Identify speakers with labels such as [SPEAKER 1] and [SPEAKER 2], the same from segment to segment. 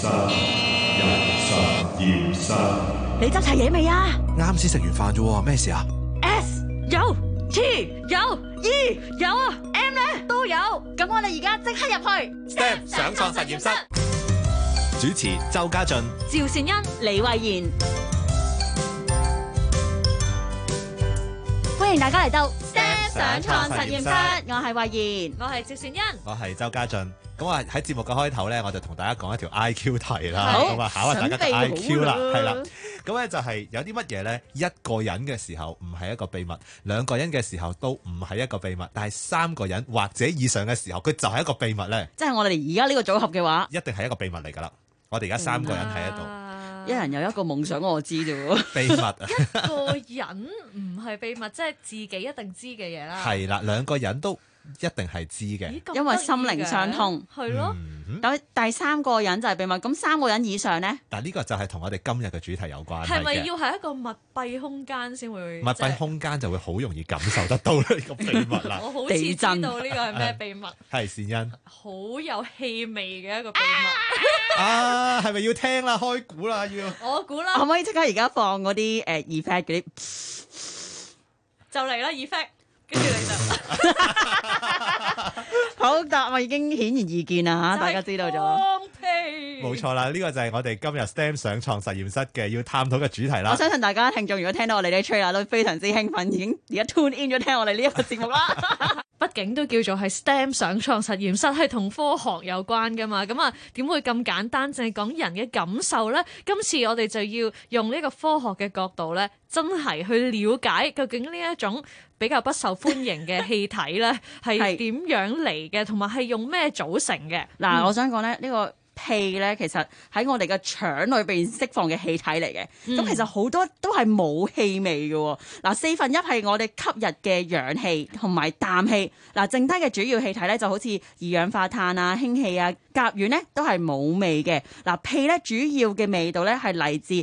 [SPEAKER 1] 三、一、三、二、三。
[SPEAKER 2] 你執齊嘢未啊？
[SPEAKER 1] 啱先食完飯啫，咩事啊
[SPEAKER 2] ？S 有，T 有，E 有啊，M 呢都有。咁我哋而家即刻入去。
[SPEAKER 1] STEM 上創實驗室。主持：周家俊、
[SPEAKER 2] 趙善恩、李慧妍。歡迎大家嚟到 STEM 上創實驗室。我係慧妍，我係趙善恩，
[SPEAKER 1] 我係周家俊。咁啊喺節目嘅開頭呢，我就同大家講一條 I.Q 題啦，咁啊是考下大家 I.Q 啦，係啦。咁咧就係有啲乜嘢呢？一個人嘅時候唔係一個秘密，兩個人嘅時候都唔係一個秘密，但係三個人或者以上嘅時候，佢就係一個秘密呢。即
[SPEAKER 2] 係我哋而家呢個組合嘅話，
[SPEAKER 1] 一定係一個秘密嚟噶啦。我哋而家三個人喺喺度，
[SPEAKER 2] 一人有一
[SPEAKER 1] 個夢想我知啫喎。 秘密， 一
[SPEAKER 3] 個人唔係秘密，即係自己一定知嘅嘢啦。
[SPEAKER 2] 係
[SPEAKER 1] 啦，兩個人都。一定係知嘅，
[SPEAKER 3] 因為心靈相通。
[SPEAKER 2] 係咯。咁第三個人就係秘密，咁三個人以上咧？
[SPEAKER 1] 但呢個就係同我哋今日嘅主題有關。係咪要
[SPEAKER 3] 係一個密閉空間先會？
[SPEAKER 2] 密閉
[SPEAKER 1] 空間就會好容易感受得到呢個秘密啦。我好似知道呢個係咩秘密？係善因。
[SPEAKER 3] 好有氣味嘅一個秘密。
[SPEAKER 1] 啊，係咪要聽啦？開估啦！要
[SPEAKER 3] 我估啦？可唔
[SPEAKER 2] 可以即刻而家放嗰啲誒 effect 嗰啲？
[SPEAKER 3] 就嚟啦 effect
[SPEAKER 2] 跟住你就， 好，答案已經顯而易見啦嚇，大家知道咗。放屁，冇錯
[SPEAKER 1] 啦，呢、這個就係我哋今日 STEM 上創實驗室嘅要探討嘅主題啦。我相
[SPEAKER 2] 信大家聽眾如果聽到我哋啲吹啊都非常之興奮，已經而家 tune in
[SPEAKER 3] 咗聽我哋呢一個節目啦。 畢竟都叫做係 STEM 想創實驗室係同科學有關嘅嘛，咁啊點會咁簡單？淨係講人嘅感受呢。今次我哋就要用呢個科學嘅角度咧，真係去了解究竟呢一種比較不受歡迎嘅氣體咧，係點樣嚟嘅，同埋係用咩組成嘅？嗱，我想
[SPEAKER 2] 講咧呢個。氣咧，其實喺我哋嘅腸裏邊釋放嘅氣體嚟嘅。咁、嗯、其實好多都係冇氣味嘅。嗱，四分一係我哋吸入嘅氧氣同埋氮氣。嗱，剩低嘅主要氣體咧，就好似二氧化碳啊、氫氣啊、甲烷咧，都係冇味嘅。嗱，屁咧主要嘅味道咧，係嚟自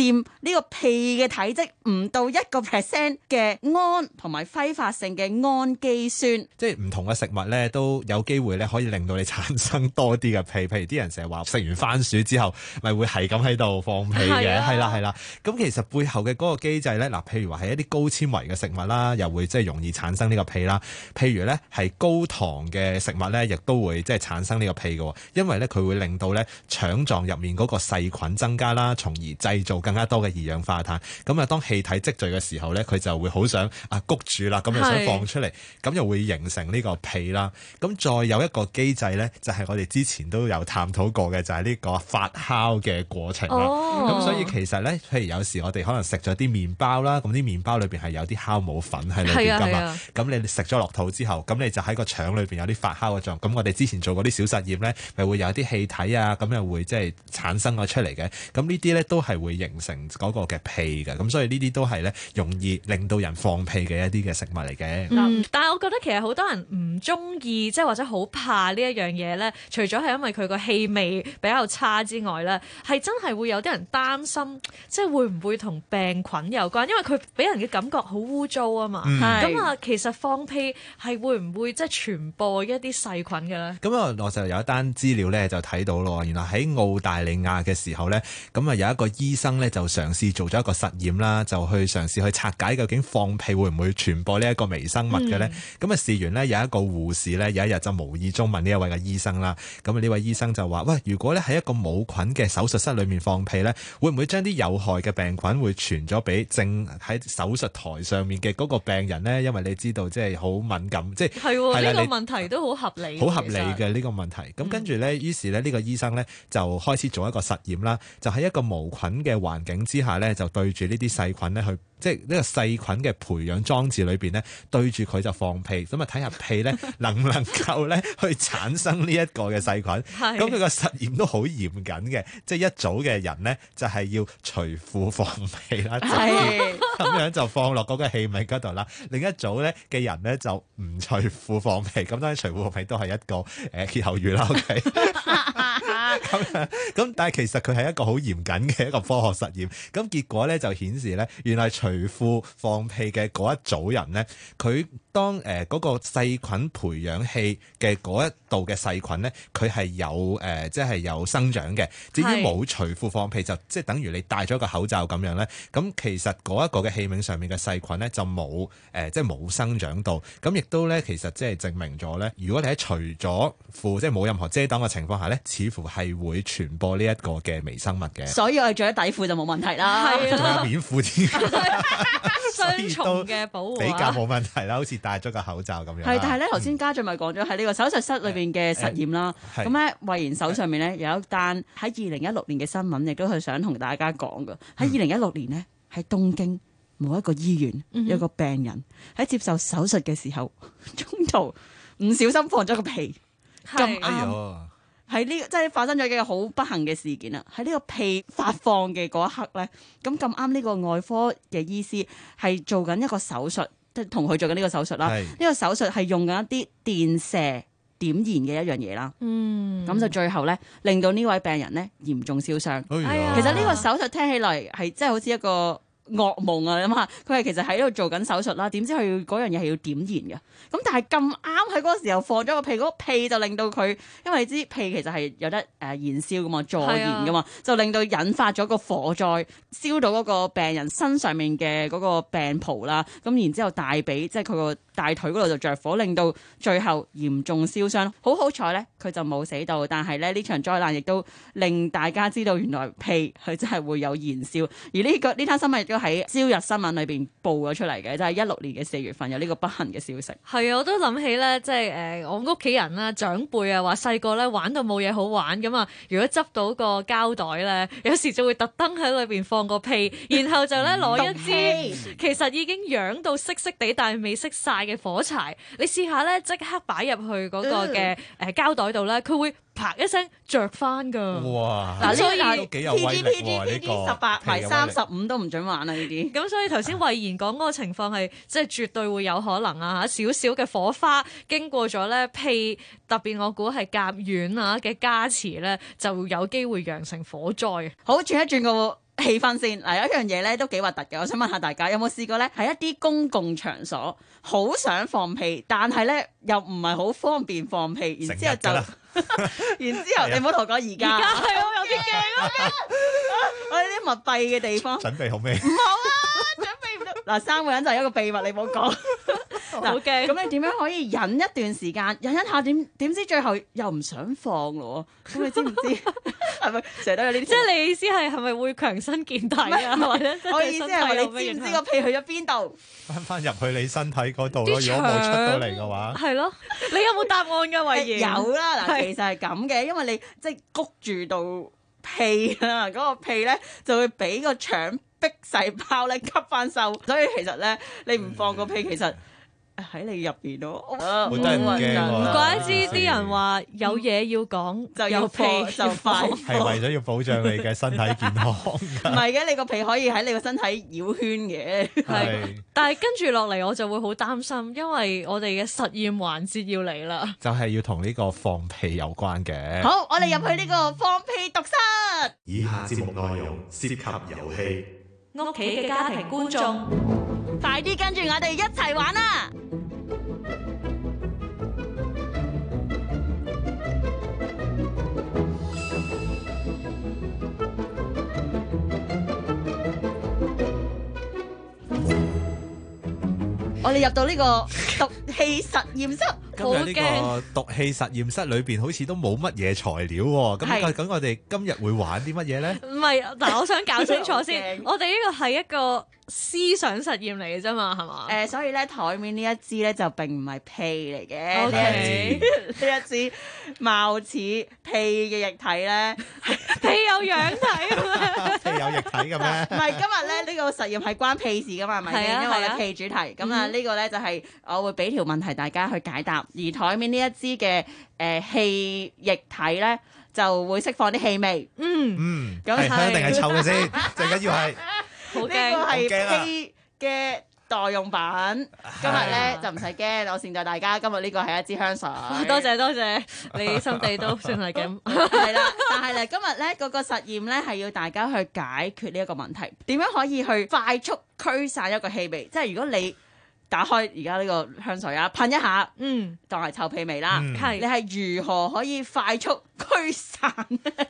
[SPEAKER 2] 佔呢個屁嘅體積唔到一個 percent 嘅胺同埋揮發性嘅氨基酸。即係唔
[SPEAKER 1] 同嘅食物咧，都有機會咧，可以令到你產生多啲嘅屁。譬如啲人成話食完番薯之後，咪會係咁喺度放屁嘅，係啦、啊，係啦。咁其實背後嘅嗰個機制咧，嗱，譬如話係一啲高纖維嘅食物啦，又會即係容易產生呢個屁啦。譬如咧係高糖嘅食物咧，亦都會即係產生呢個屁嘅，因為咧佢會令到咧腸臟入面嗰個細菌增加啦，從而製造更加多嘅二氧化碳。咁啊，當氣體積聚嘅時候咧，佢就會好想啊谷住啦，咁又想放出嚟，咁又是會形成呢個屁啦。咁再有一個機制咧，就係、是、我哋之前都有探討。這個嘅就係呢個發酵嘅過程啦，咁、哦、所以其實咧，譬如有時我哋可能食咗啲麵包啦，咁啲麵包裏邊係有啲酵母粉喺裏邊噶嘛，咁你食咗落肚之後，咁你就喺個腸裏邊有啲發酵嘅狀，咁我哋之前做過啲小實驗咧，咪會有啲氣體啊，咁又會即係產生咗出嚟嘅，咁呢啲咧都係會形成嗰個嘅屁嘅，咁所以呢啲都係咧容易令到人放屁嘅一啲嘅食物嚟嘅、嗯。
[SPEAKER 3] 但係我覺得其實好多人唔中意，即係或者好怕呢一樣嘢咧，除咗係因爲佢個氣。味比較差之外咧，係真係會有啲人擔心，即係會唔會同病菌有關？因為佢俾人嘅感覺好污糟啊嘛。咁啊、嗯，其實放屁係會唔會即係傳播一啲細菌嘅咧？
[SPEAKER 1] 咁啊、嗯，嗯、我就有一單資料咧就睇到咯。原來喺澳大利亞嘅時候咧，咁啊有一個醫生咧就嘗試做咗一個實驗啦，就去嘗試去拆解究竟放屁會唔會傳播呢一個微生物嘅咧？咁啊試完呢，有一個護士咧有一日就無意中問呢一位嘅醫生啦，咁啊呢位醫生就話。喂，如果咧喺一個冇菌嘅手術室裏面放屁咧，會唔會將啲有害嘅病菌會傳咗俾正喺手術台上面嘅嗰個病人咧？因為你知道即係好敏感，即係係呢個問
[SPEAKER 3] 題都好合理，好合理嘅
[SPEAKER 1] 呢個問題。咁跟住咧，於是咧呢個醫生咧就開始做一個實驗啦，就喺一個無菌嘅環境之下咧，就對住呢啲細菌咧去。即係呢個細菌嘅培養裝置裏邊咧，對住佢就放屁，咁啊睇下屁咧能唔能夠咧去產生呢一個嘅細菌。咁佢個實驗都好嚴謹嘅，即係一組嘅人咧就係要除褲放屁啦。 咁 樣就放落嗰個氣味嗰度啦。另一組咧嘅人咧就唔除褲放屁，咁當然除褲放屁都係一個誒歇後語啦。咁、欸、咁，okay? 但係其實佢係一個好嚴謹嘅一個科學實驗。咁結果咧就顯示咧，原來除褲放屁嘅嗰一組人咧，佢當誒嗰、呃那個細菌培養器嘅嗰一度嘅細菌咧，佢係有誒，即、呃、係、就是、有生長嘅。至於冇除褲放屁就即係等於你戴咗個口罩咁樣咧。咁其實嗰一個嘅器皿上面嘅細菌咧就冇誒、呃，即係冇生長到。咁亦都咧，其實即係證明咗咧，如果你喺除咗褲，即係冇任何遮擋嘅情況下咧，似乎係會傳播呢一個嘅微生物嘅。所
[SPEAKER 2] 以我哋着咗底褲就冇問題啦。係啊，棉 褲添，雙重嘅保護比較冇
[SPEAKER 1] 問題啦，好似 戴咗個口罩咁樣。係，但係咧
[SPEAKER 2] 頭先家俊咪講咗喺呢個手術室裏邊嘅實驗啦。咁咧、嗯，魏、嗯、然手上面咧、嗯、有一單喺二零一六年嘅新聞，亦都係想同大家講㗎。喺二零一六年呢，喺東京。某一個醫院有、嗯、哼個病人喺接受手術嘅時候， 中途唔小心放咗個屁，咁啱喺呢，即係發生咗幾個好不幸嘅事件啦。喺呢個屁發放嘅嗰一刻呢，咁咁啱呢個外科嘅醫師係做緊一個手術，即係同佢做緊呢個手術啦。呢是個手術係用緊一啲電射點燃嘅一樣嘢啦。嗯，咁就最後呢，令到呢位病人呢嚴重燒傷。哎、呦其實呢個手術聽起嚟係即係好似一個。噩夢啊！你諗下，佢係其實喺度做緊手術啦，點知佢嗰樣嘢係要點燃嘅，咁但係咁啱喺嗰個時候放咗個屁，嗰個屁就令到佢，因為你知屁其實係有得誒燃燒嘅嘛，助燃嘅嘛，就令到引發咗個火災，燒到嗰個病人身上面嘅嗰個病袍啦，咁然之後大髀即係佢個大腿嗰度就着火，令到最後嚴重燒傷。好好彩咧，佢就冇死到，但係咧呢場災難亦都令大家知道，原來屁佢真係會有燃燒。而呢個呢單新聞。喺朝日新聞裏邊報咗出嚟嘅，就係一六年嘅四月份有呢個不幸嘅消息。
[SPEAKER 3] 係啊，我都諗起咧，即係誒、呃、我屋企人啊、長輩啊，話細個咧玩到冇嘢好玩咁啊。如果執到個膠袋咧，有時就會特登喺裏邊放個屁，然後就咧攞一支、 嗯、其實已經養到色色地，但係未熄晒嘅火柴。你試下咧，即刻擺入去嗰個嘅誒膠袋度咧，佢、嗯、會。啪一聲着翻噶，
[SPEAKER 1] 嗱哇！所以但有 P D P D P D 十八咪
[SPEAKER 3] 三十五都唔准玩啦呢啲。咁所以頭先魏然講嗰個情況係即係絕對會有可能啊！嚇，少少嘅火花經過咗咧屁，特別我估係甲烷啊嘅加持咧，就有機會釀成火災。好轉一轉個氣氛
[SPEAKER 2] 先，嗱有一樣嘢咧都幾核突嘅，我想問下大家有冇試過咧？喺一啲公共場所好想放屁，但係咧又唔係好方便放屁，然之後就， 然之後 對你唔好同我講而而家係我有啲驚 啊。我哋啲密閉嘅地
[SPEAKER 1] 方準備好未？
[SPEAKER 2] 唔好啊，準備唔到。嗱 三個人就一個秘密，你唔好講。
[SPEAKER 3] 好驚 咁你點樣可
[SPEAKER 2] 以忍一段時間，忍一下點點知最後又唔想放咯？咁你知唔知？
[SPEAKER 3] 係咪成日都有呢啲？即係你意思係係咪會強身健體啊？
[SPEAKER 2] 或者體我意思係你知唔知個屁去咗邊度？
[SPEAKER 1] 翻翻入去你身體嗰度咯，腸如果冇出到嚟嘅話。係
[SPEAKER 2] 咯，你有冇答案噶？喂、 欸，有啦。嗱，其實係咁嘅，因為你即係谷住到屁啊，嗰個屁咧就會俾個腸壁細胞咧吸翻收，所以其實咧你唔放個屁、嗯、其實。喺你入邊咯，
[SPEAKER 3] 唔、啊、怪之啲人話有嘢要講、嗯、皮就有屁就快，
[SPEAKER 2] 係為
[SPEAKER 1] 咗要保障你嘅身體健康。唔
[SPEAKER 3] 係嘅，你個屁可以喺你個身體繞圈嘅。
[SPEAKER 2] 係
[SPEAKER 1] 是，
[SPEAKER 3] 但係跟住落嚟我就會好擔心，因為我哋嘅實驗環節要嚟啦，
[SPEAKER 1] 就係要同呢個放屁有關嘅。好，
[SPEAKER 3] 我哋入去呢個放屁毒室。嗯、
[SPEAKER 1] 以下節目內容涉及遊戲。
[SPEAKER 2] 屋企嘅家庭觀眾，快啲跟住我哋一齊玩啊。我哋入到呢個毒氣實驗室，好驚！
[SPEAKER 1] 毒氣實驗室裏邊好似都冇乜嘢材料喎。咁究竟我哋今日會玩啲乜嘢咧？
[SPEAKER 3] 唔係，嗱，我想搞清楚先 怕，我哋呢個係一個。思想實驗嚟嘅啫嘛，係嘛？誒，所以咧台面呢一
[SPEAKER 2] 支咧就並唔係屁嚟嘅，呢一支呢一支貌似屁嘅液體咧，屁有樣睇啊？
[SPEAKER 1] 屁有液體嘅
[SPEAKER 2] 咩？唔係今日咧呢個實驗係關屁事噶嘛？係咪因為屁主題咁啊，呢個咧就係我會俾條問題大家去解答，而台面呢一支嘅誒氣液體咧就會釋放啲氣味，
[SPEAKER 1] 嗯
[SPEAKER 2] 嗯，咁一定係臭嘅先？
[SPEAKER 1] 最緊要係。
[SPEAKER 3] 呢個係屁
[SPEAKER 2] 嘅代用品，今日呢、啊、就唔使驚，我善待大家。今日呢個係一支香水， 多
[SPEAKER 3] 謝多謝，你心地都算
[SPEAKER 2] 係咁係啦。但係呢，今日呢嗰個實驗呢係要大家去解決呢一個問題，點樣可以去快速驅散一個氣味，即係如果你。打開而家呢個香水啊，噴一下，嗯，當係臭屁味啦。係你係如何可以快速
[SPEAKER 3] 驅散？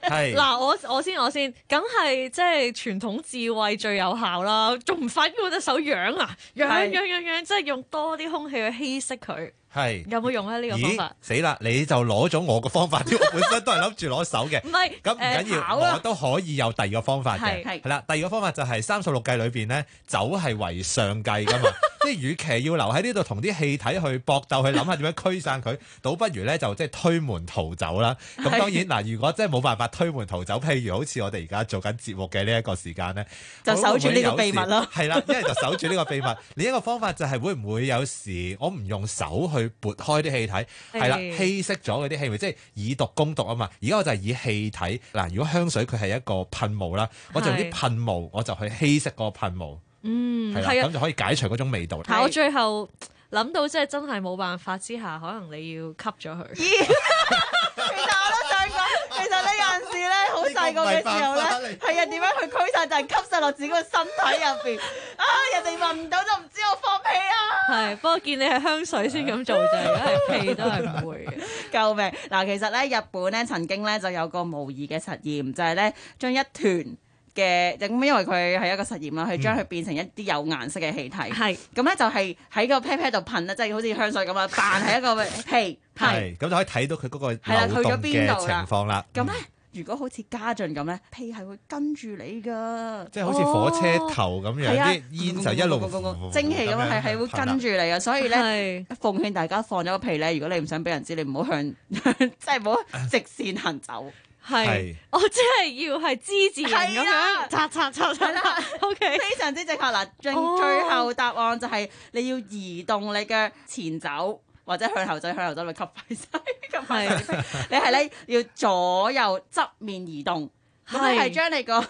[SPEAKER 3] 係嗱，我我先我先，梗係即係傳統智慧最有效啦。仲唔快啲攞隻手養啊？養養養養，即係用多啲空氣去稀釋佢。係有冇用啊？呢個方法？
[SPEAKER 1] 死啦！你就攞咗我個方法，我本身都係諗住攞手嘅。唔
[SPEAKER 3] 係咁唔緊要，我都
[SPEAKER 1] 可以有第二個方法嘅。係啦，第二個方法就係三十六計裏邊咧，走係為上計噶嘛。即係，與其要留喺呢度同啲氣體去搏鬥，去諗下點樣驅散佢， 倒不如咧就即係推門逃走啦。咁 當然嗱，如果即係冇辦法推門逃走，譬如好似我哋而家做緊節目嘅呢一個時間咧，就守住呢個秘密咯。 係 啦，一係就守住呢個秘密。 另一個方法就係會唔會有時我唔用手去撥開啲氣體，係 啦，稀釋咗嗰啲氣味，即係以毒攻毒啊嘛。而家我就係以氣體嗱，如果香水佢係一個噴霧啦，我就用啲噴霧，我就去稀釋嗰個噴霧。嗯，係啦的，咁的就可以解除嗰種味道。但我最
[SPEAKER 3] 後諗到即係真係冇辦法之下，可能你要吸咗佢。
[SPEAKER 2] 其實我都想講，其實呢有陣時咧，好細個嘅時候咧，係
[SPEAKER 3] 啊點樣去驅晒，就係 吸晒落
[SPEAKER 2] 自己個身體入邊。啊，人哋聞唔到就唔知我放屁啊！
[SPEAKER 3] 係， 不過見你
[SPEAKER 2] 係香水先咁做就係，如果係屁都係唔會嘅。救命！嗱，其實咧日本咧曾經咧就有個模擬嘅實驗，就係、是、咧將一團。嘅因為佢係一個實驗啦，係將佢變成一啲有顏色嘅氣體。係咁咧，就係喺個 pat pat 度噴咧，即係好似香水咁樣，扮係一個屁。係
[SPEAKER 1] 咁就可以睇到佢嗰個係啦，去咗邊度啦？
[SPEAKER 2] 咁咧，如果好似家俊咁咧，屁係會跟住你噶，即係好似火車頭咁樣，有啲煙就一路蒸氣咁樣係會跟住你嘅。所以咧，奉勸大家放咗個屁咧，如果你唔想俾人知，你唔好向，即係唔好直線行走。
[SPEAKER 3] 係，是是我即係要係之字形咁樣，擦擦擦擦
[SPEAKER 2] 擦，OK， 非常之正確。嗱，最最後答案就係你要移動你嘅前走，或者向後走，向後走吸是 你吸晒，吸晒，你係咧要左右側面移動，係將是你個。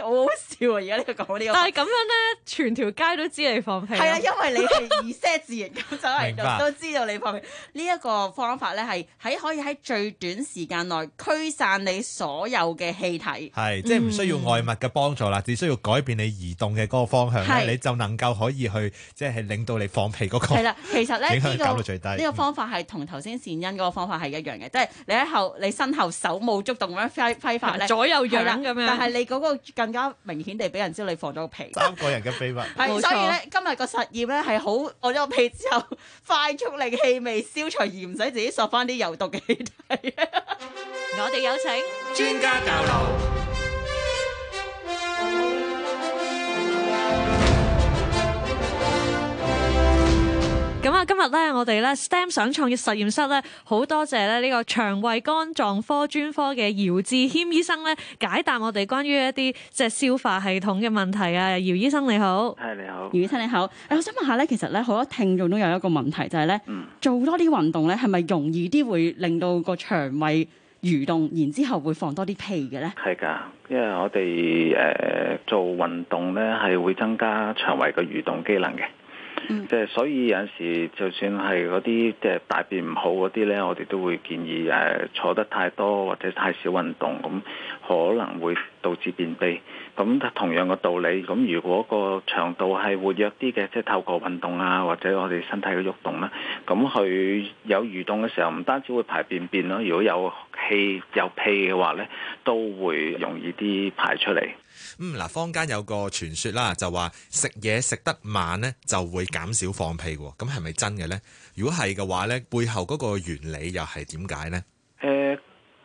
[SPEAKER 2] 好好笑啊！而家呢個講呢個，但係咁樣咧，全條街都知你放屁。係啊，因為你係 Z 字型咁走嚟，都 知道你放屁。呢一白個方法咧，係喺可以喺最短時間內驅散你所有嘅氣體。係，
[SPEAKER 1] 即係唔需要外物嘅幫助啦，嗯、只需要改變你移動嘅嗰個方向，是你就能夠可以去，即係令到你放屁嗰個係啦。
[SPEAKER 2] 其實咧最低呢、呢個嗯、個方法係同頭先善恩嗰個方法係一樣嘅，即係你喺後你身後手舞足動咁樣揮揮發咧，左右揚咁樣，但係你嗰、那個更加明顯地俾人知道你放咗個屁，三
[SPEAKER 1] 個人嘅秘密。係，所以咧
[SPEAKER 2] 今日個實驗咧係好放咗個屁之後，快速令氣味消除，而唔使自己索返啲有毒嘅氣
[SPEAKER 3] 體。 我哋有請
[SPEAKER 1] 專家教導。
[SPEAKER 3] 咁啊，今日咧，我哋咧 STEM 想創業實驗室咧，好多謝咧呢個腸胃肝臟科專科嘅姚志謙醫生咧，解答我哋關於一啲即係消化系統嘅問題啊。姚醫生你好，係你好，姚醫生你好。誒、嗯哎，我想
[SPEAKER 2] 問下咧，其實咧好多聽眾都有一個問題，就係咧，做多啲運動咧，係咪容易啲會令到個腸胃蠕動，然之後會放多啲屁嘅咧？
[SPEAKER 4] 係㗎，因為我哋誒、呃、做運動咧，係會增加腸胃嘅蠕動機能嘅。即係、嗯、所以有陣時，就算係嗰啲即係大便唔好嗰啲呢，我哋都會建議誒坐得太多或者太少運動，咁可能會導致便秘。咁同樣個道理，咁如果個腸道係活躍啲嘅，即係透過運動啊，或者我哋身體嘅喐動啦，咁佢有蠕動嘅時候，唔單止會排便便咯，如果有氣有屁嘅話呢，都會容易啲排出嚟。
[SPEAKER 1] 嗯，嗱，坊間有個傳說啦，就話食嘢食得慢呢就會減少放屁嘅，咁係咪真嘅呢？如果係嘅話呢，背後嗰個原理又係點解呢？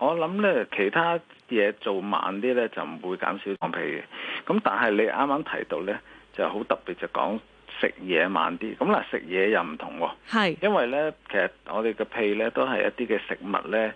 [SPEAKER 4] 我諗咧，其他嘢做慢啲咧，就唔會減少放屁嘅。咁但係你啱啱提到咧，就好特別就講。食嘢慢啲，咁嗱食嘢又唔同喎。係，因為呢，其實我哋嘅屁呢都係一啲嘅食物呢，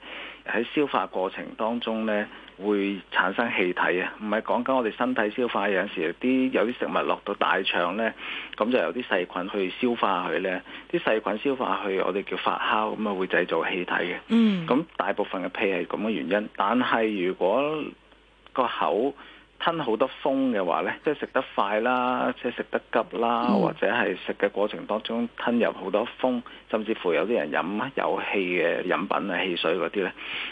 [SPEAKER 4] 喺消化過程當中呢會產生氣體啊，唔係講緊我哋身體消化，有時啲有啲食物落到大腸呢，咁就有啲細菌去消化佢呢，啲細菌消化佢，我哋叫發酵，咁啊會製造氣體嘅。嗯，咁大部分嘅屁係咁嘅原因，但係如果個口，吞好多風嘅話呢，即係食得快啦，即係食得急啦，或者係食嘅過程當中吞入好多風，甚至乎有啲人飲有氣嘅飲品啊、汽水嗰啲呢，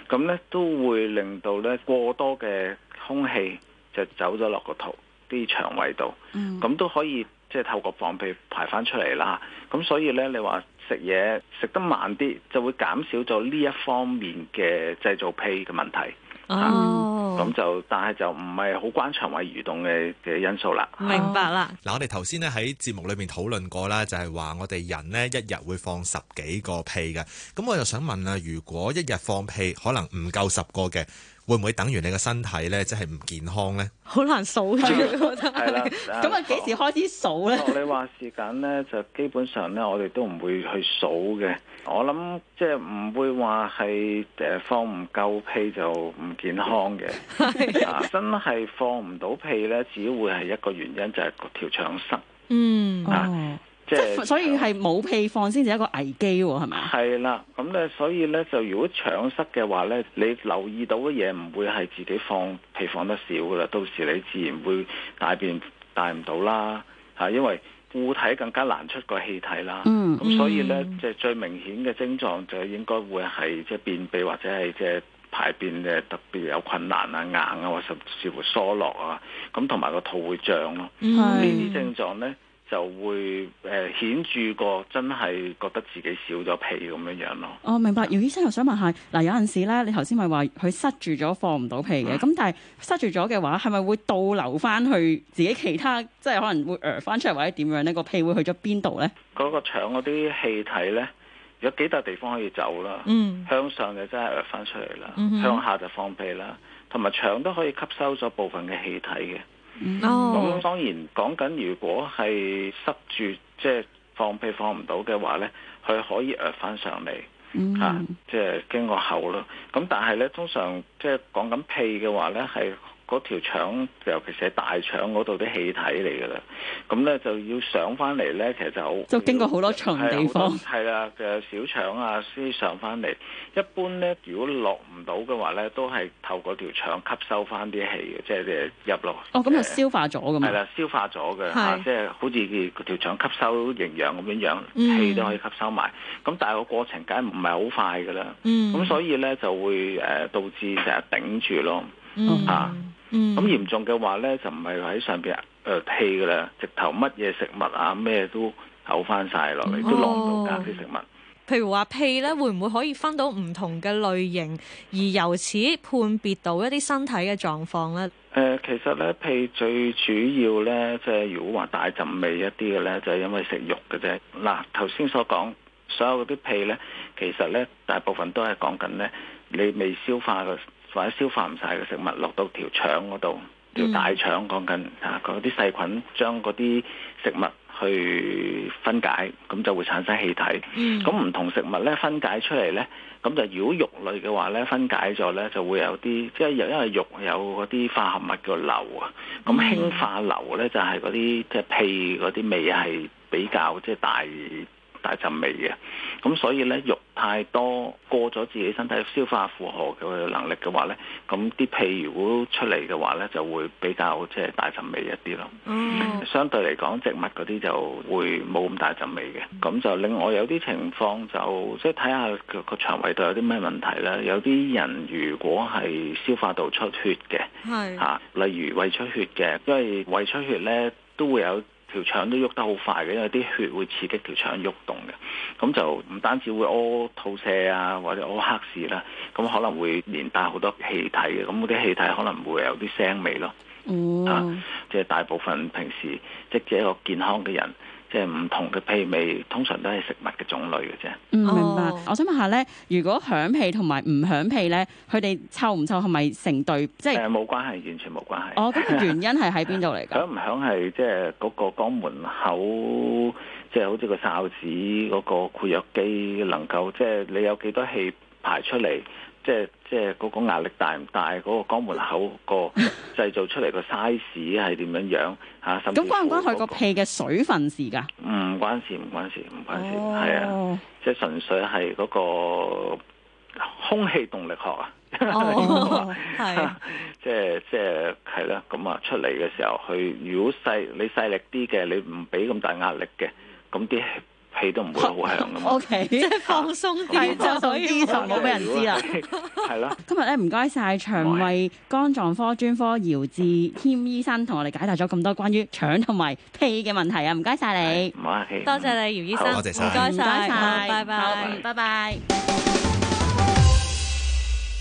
[SPEAKER 4] 咁呢都會令到呢過多嘅空氣就走咗落個肚啲腸胃度，咁、嗯、都可以即係透過放屁排翻出嚟啦。咁所以呢，你話食嘢食得慢啲就會減少咗呢一方面嘅製造屁嘅問題。哦。咁、嗯、就，但係就唔係好關腸胃蠕動嘅嘅因素
[SPEAKER 1] 啦。
[SPEAKER 3] 明白啦。嗱、
[SPEAKER 1] 啊啊，我哋頭先咧喺節目裏面討論過啦，就係、是、話我哋人呢一日會放十幾個屁嘅。咁我又想問啊，如果一日放屁可能唔夠十個
[SPEAKER 4] 嘅，會唔會等於你嘅身體呢？即係唔健康呢？
[SPEAKER 3] 好難數嘅，係啦。
[SPEAKER 4] 咁啊，幾 時
[SPEAKER 2] 開始數咧？ 我哋
[SPEAKER 4] 話時間呢，就基本上呢，我哋都唔會去數嘅。我諗即係唔會話係誒放唔夠屁就唔健康嘅、 啊，真係放唔到屁咧，只會係一個原因就係條腸塞。嗯，哦、啊，即係是所
[SPEAKER 2] 以係冇屁放先至一個
[SPEAKER 4] 危機係咪？係啦，咁咧、啊、所以咧就如果腸塞嘅話咧，你留意到嘅嘢唔會係自己放屁放得少噶啦，到時你自然會大便大唔到啦，吓、啊、因為。固體、嗯嗯、更加難出個氣體啦，咁所以咧，即係、嗯、最明顯嘅症狀就應該會係即係便秘或者係即係排便嘅特別有困難啊，硬啊，或甚至乎疏落啊，咁同埋個肚會脹咯、啊，嗯、狀呢啲症狀咧。就會誒顯、呃、著過真係覺得自己少咗屁咁樣樣咯、
[SPEAKER 2] 哦。我明白，姚醫生又想問下，嗱、呃、有陣時咧，你頭先咪話佢塞住咗放唔到屁嘅，咁、嗯、但係塞住咗嘅話，係咪會倒流翻去自己其他，即係可能會
[SPEAKER 4] 誒、呃、翻出嚟或者
[SPEAKER 2] 點樣呢？個屁會去咗邊度
[SPEAKER 4] 呢？嗰個腸嗰啲氣體呢，有幾大地方可以走啦。嗯，向上就真係誒翻出嚟啦，嗯、哼向下就放屁啦，同埋腸都可以吸收咗部分嘅氣體嘅。咁 No. 當然講緊，如果係塞住，即係放屁放唔到嘅話咧，佢可以呃返上嚟嚇，即係、mm. 啊就是、經過口咯。咁但係咧，通常即係講緊屁嘅話咧，係。嗰條腸，尤其是喺大腸嗰度啲氣體嚟噶啦，咁咧就要上翻嚟咧，其實就好，就經過好多
[SPEAKER 2] 層地方。係
[SPEAKER 4] 啦，嘅小腸啊先上翻嚟。一般咧，如果落唔到嘅話咧，都係透過條腸吸收翻啲氣嘅，即係誒入落。哦，咁就消化咗咁。係啦，消化咗嘅嚇，即係好似條腸吸收營養咁樣樣，嗯、氣都可以吸收埋。咁但係個過程梗係唔係好快噶啦。嗯。咁所以咧就會誒導致成日頂住咯。啊、嗯。咁、嗯、嚴重嘅話咧，就唔係喺上邊誒、呃、屁噶啦，直頭乜嘢食物啊咩都嘔翻晒落嚟，哦、都攞唔到㗎啲食物。譬
[SPEAKER 3] 如話屁咧，會唔會可以分到唔同嘅類型，而由此判別到一啲身體嘅狀況咧？
[SPEAKER 4] 誒、呃，其實咧屁最主要咧，即係如果話大陣味一啲嘅咧，就係因為食肉嘅啫。嗱，頭先所講所有嗰啲屁咧，其實咧大部分都係講緊咧你未消化嘅。或者消化唔晒嘅食物落到條腸嗰度，條大腸講緊嚇，嗰啲、嗯啊、細菌將嗰啲食物去分解，咁就會產生氣體。咁唔、嗯、同食物咧分解出嚟咧，咁就如果肉類嘅話咧，分解咗咧就會有啲，即係因為肉有嗰啲化合物嘅硫啊。咁氫、嗯、化硫咧就係嗰啲即係屁嗰啲味係比較即係、就是、大。大陣味嘅，咁所以呢，肉太多過咗自己身體消化負荷嘅能力嘅話呢，咁啲屁如果出嚟嘅話呢，就會比較即係大陣味一啲咯。嗯，相對嚟講植物嗰啲就會冇咁大陣味嘅，咁就另外有啲情況就即係睇下個腸胃度有啲咩問題呢。有啲人如果係消化道出血嘅，係嚇是、啊，例如胃出血嘅，因為胃出血呢都會有。條腸都喐得好快嘅，因為啲血會刺激條腸喐動嘅，咁就唔單止會屙肚瀉啊，或者屙黑屎啦，咁可能會連帶好多氣體嘅，咁嗰啲氣體可能會有啲腥味咯，mm. 啊，即係大部分平時即係一個健康嘅人。即係唔同嘅屁味，通常都係食物嘅種類嘅啫。嗯，明白。
[SPEAKER 2] 我想問下咧，如果響屁同埋唔響屁咧，佢哋臭唔臭，係咪成對？即係冇關係，完全冇關係。哦，咁、那個、原因係喺邊度嚟？ 響唔
[SPEAKER 4] 響係即係嗰個肛門口，即、就、係、是、好似個哨子嗰、那個括約肌能夠，即、就、係、是、你有幾多氣排出嚟？即係即係嗰個壓力大唔大？嗰、那個肛門口個製造出嚟、 啊那個 size 係點樣樣嚇？咁、嗯、關唔關佢個屁
[SPEAKER 2] 嘅水分事㗎？唔
[SPEAKER 4] 關事，唔關事，唔關事，係啊！即係純粹係嗰個空氣動力學啊！係即係即係係啦！咁啊出嚟嘅時候去，佢如果細你細力啲嘅，你唔俾咁大壓力嘅，咁啲。
[SPEAKER 3] 你都唔會得好響咁。O K，即係放鬆啲，就所以就冇俾人知啦。係
[SPEAKER 2] 咯。今日咧，唔該晒腸胃肝臟科專科姚志謙醫生同我哋解答咗咁多關於腸同埋屁嘅問題啊！唔該晒你。唔好客氣。多謝你，姚醫生。唔該曬。唔該曬。拜拜。拜拜。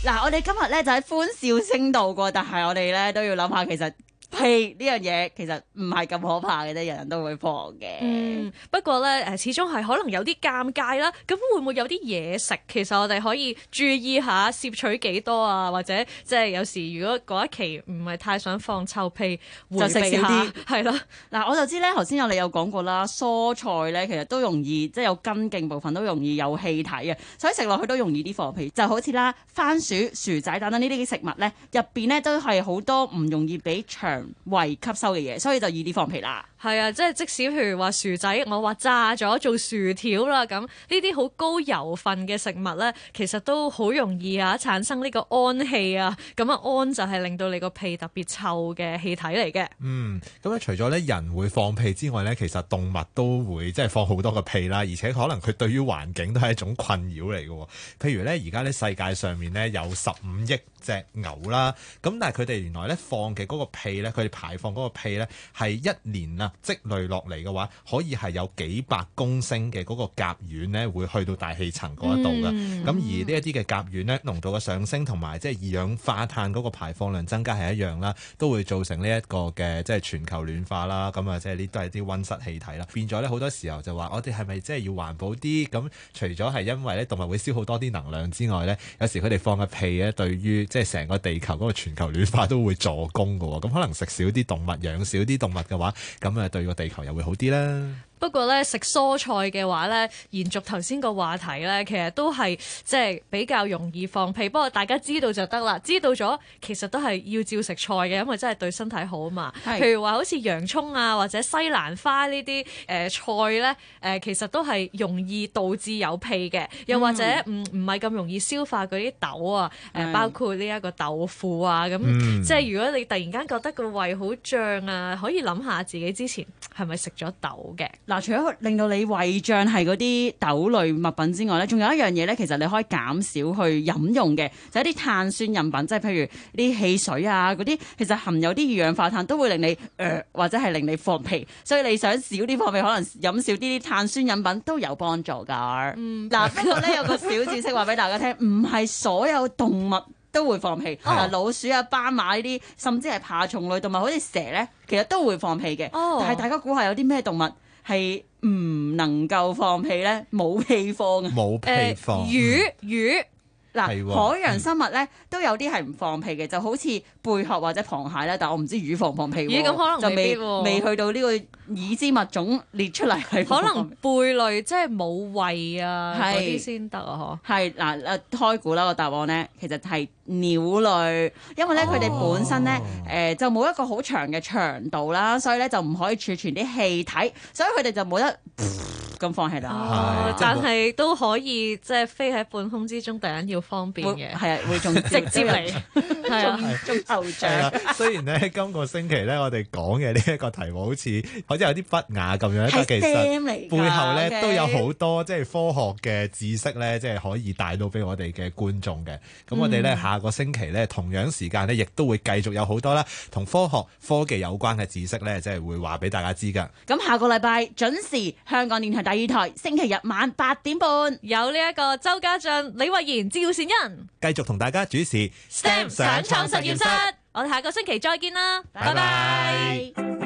[SPEAKER 2] 嗱，我哋今日咧就喺歡笑聲度過，但係我哋咧都要諗下其實。屁呢樣嘢其實唔係咁可怕嘅啫，人人都會放嘅，嗯。
[SPEAKER 3] 不過咧，誒始終係可能有啲尷尬啦。咁會唔會有啲嘢食？其實我哋可以注意下攝取幾多啊，或者即係有時如果嗰一期唔係太想放臭屁，下就食少啲。係咯啦，
[SPEAKER 2] 嗱我就知咧，頭先我哋有講過啦，蔬菜咧其實都容易即係有根莖部分都容易有氣體啊，所以食落去都容易啲放屁。就好似啦，番薯、薯仔等等呢啲食物咧，入邊咧都係好多唔容易俾腸胃吸收嘅嘢，所以就易啲放屁啦。
[SPEAKER 3] 係啊，即係即使譬如話薯仔，我話炸咗做薯條啦，咁呢啲好高油份嘅食物呢，其實都好容易啊產生呢個氨氣啊，咁啊氨就係令到你個屁特別臭嘅氣體嚟嘅。嗯，
[SPEAKER 1] 嗯，咁啊除咗呢人會放屁之外呢，其實動物都會即係放好多個屁啦，而且可能佢對於環境都係一種困擾嚟嘅。譬如呢，而家呢世界上面呢，有十五億隻牛啦，咁但係佢哋原來呢，放嘅嗰個屁呢，佢哋排放嗰個屁呢，係一年啊。積累落嚟嘅話，可以係有幾百公升嘅嗰個甲烷呢，會去到大氣層嗰一度嘅。咁、嗯、而呢一啲嘅甲烷呢，濃度嘅上升同埋即係二氧化碳嗰個排放量增加係一樣啦，都會造成呢一個嘅即係全球暖化啦。咁啊，即係呢都係啲溫室氣體啦。變咗呢，好多時候就話我哋係咪即係要環保啲？咁除咗係因為呢動物會消耗多啲能量之外呢，有時佢哋放嘅屁呢，對於即係成個地球嗰個全球暖化都會助攻嘅喎。咁可能食少啲動物、養少啲動物嘅話，咁係對個地球又會好啲啦～
[SPEAKER 3] 不過咧食蔬菜嘅話咧，延續頭先個話題咧，其實都係即係比較容易放屁。不過大家知道就得啦，知道咗其實都係要照食菜嘅，因為真係對身體好啊嘛。是譬如話好似洋葱啊，或者西蘭花呢啲誒菜咧，誒、呃、其實都係容易導致有屁嘅，又或者唔唔係咁容易消化嗰啲豆啊，誒、呃、是包括呢一個豆腐啊咁。嗯、即係如果你突然間覺得個胃好脹啊，可以諗下自己之前係咪食咗豆嘅。
[SPEAKER 2] 嗱，除咗令到你胃脹係嗰啲豆類物品之外咧，仲有一樣嘢咧，其實你可以減少去飲用嘅，就係一啲碳酸飲品，即係譬如啲汽水啊嗰啲，其實含有啲二氧化碳都會令你誒、呃，或者係令你放屁。所以你想少啲放屁，可能飲少啲碳酸飲品都有幫助噶。嗱、嗯， 不過咧有個小知識話俾大家聽，唔係所有動物都會放屁， 老鼠啊、斑馬呢啲，甚至係爬蟲類動物，好似蛇咧，其實都會放屁嘅。 但係大家估下有啲咩動物？係唔能夠放屁咧，冇屁
[SPEAKER 3] 放嘅，冇屁放、呃魚，
[SPEAKER 2] 魚魚。嗯嗱，海啦、嗯、洋生物咧都有啲係唔放屁嘅，就好似貝殼或者螃蟹啦，但係我唔知魚放唔放屁咁、嗯、可能未就未未去到呢個已知物種列出嚟。可能
[SPEAKER 3] 貝類即係冇胃啊
[SPEAKER 2] 嗰啲先得啊，嗬是。係嗱是吧，開估啦個答案咧，其實係鳥類，因為咧佢哋本身咧誒、哦呃、就冇一個好長嘅腸道啦，所以咧就唔可以儲存啲氣體，所以佢哋就冇得。咁放棄啦，嗯、但係都
[SPEAKER 3] 可以會即係是飛喺半空之中，突然要方便嘅，係
[SPEAKER 2] 啊會，會仲 直接嚟，中
[SPEAKER 1] 中頭獎。雖然咧，今個星期咧，我哋講嘅呢一個題目好似好似有啲不雅咁樣，但係其實背後咧都有好多即係科學嘅知識咧，即係可以帶到俾我哋嘅觀眾嘅。咁我哋咧下個星期咧，同樣時間咧，亦都會繼續有好多啦，同科學科技有關嘅知識咧，即係會話俾大家知㗎。咁
[SPEAKER 2] 下個禮拜準時香港電台第二台星期日晚八點半
[SPEAKER 3] 有呢一個周家俊、李慧賢、趙善恩
[SPEAKER 1] 繼續同大家主持 ST。STEM 上創實驗室，
[SPEAKER 3] 我哋下個星期再見啦，
[SPEAKER 1] 拜拜 bye。Bye bye